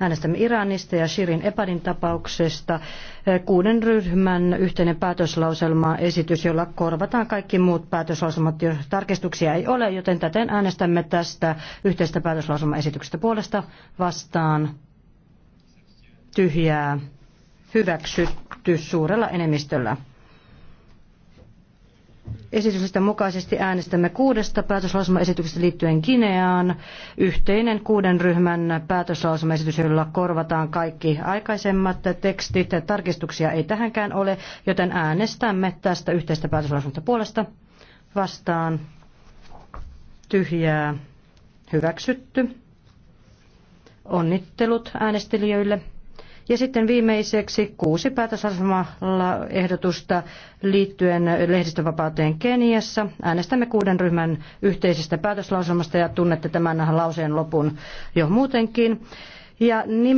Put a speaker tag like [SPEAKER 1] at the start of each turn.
[SPEAKER 1] Äänestämme Iranista ja Shirin Epadin tapauksesta. Eh, kuuden ryhmän yhteinen päätöslauselma esitys, jolla korvataan kaikki muut päätöslauselmat. Tarkistuksia ei ole, joten täten äänestämme tästä yhteistä päätöslauselmaesityksestä puolesta vastaan. Tyhjää. Hyväksytty suurella enemmistöllä. Esityksestä mukaisesti äänestämme kuudesta päätöslausumaesityksestä liittyen Kineaan. Yhteinen kuuden ryhmän päätöslausumaesitys, jolla korvataan kaikki aikaisemmat tekstit. Tarkistuksia ei tähänkään ole, joten äänestämme tästä yhteistä päätöslausumasta puolesta vastaan. Tyhjää hyväksytty. Onnittelut äänestelijöille. Ja sitten viimeiseksi kuusi ehdotusta liittyen lehdistönvapauteen Keniassa. Äänestämme kuuden ryhmän yhteisestä päätöslauselmasta ja tunnette tämän lauseen lopun jo muutenkin. Ja
[SPEAKER 2] nim-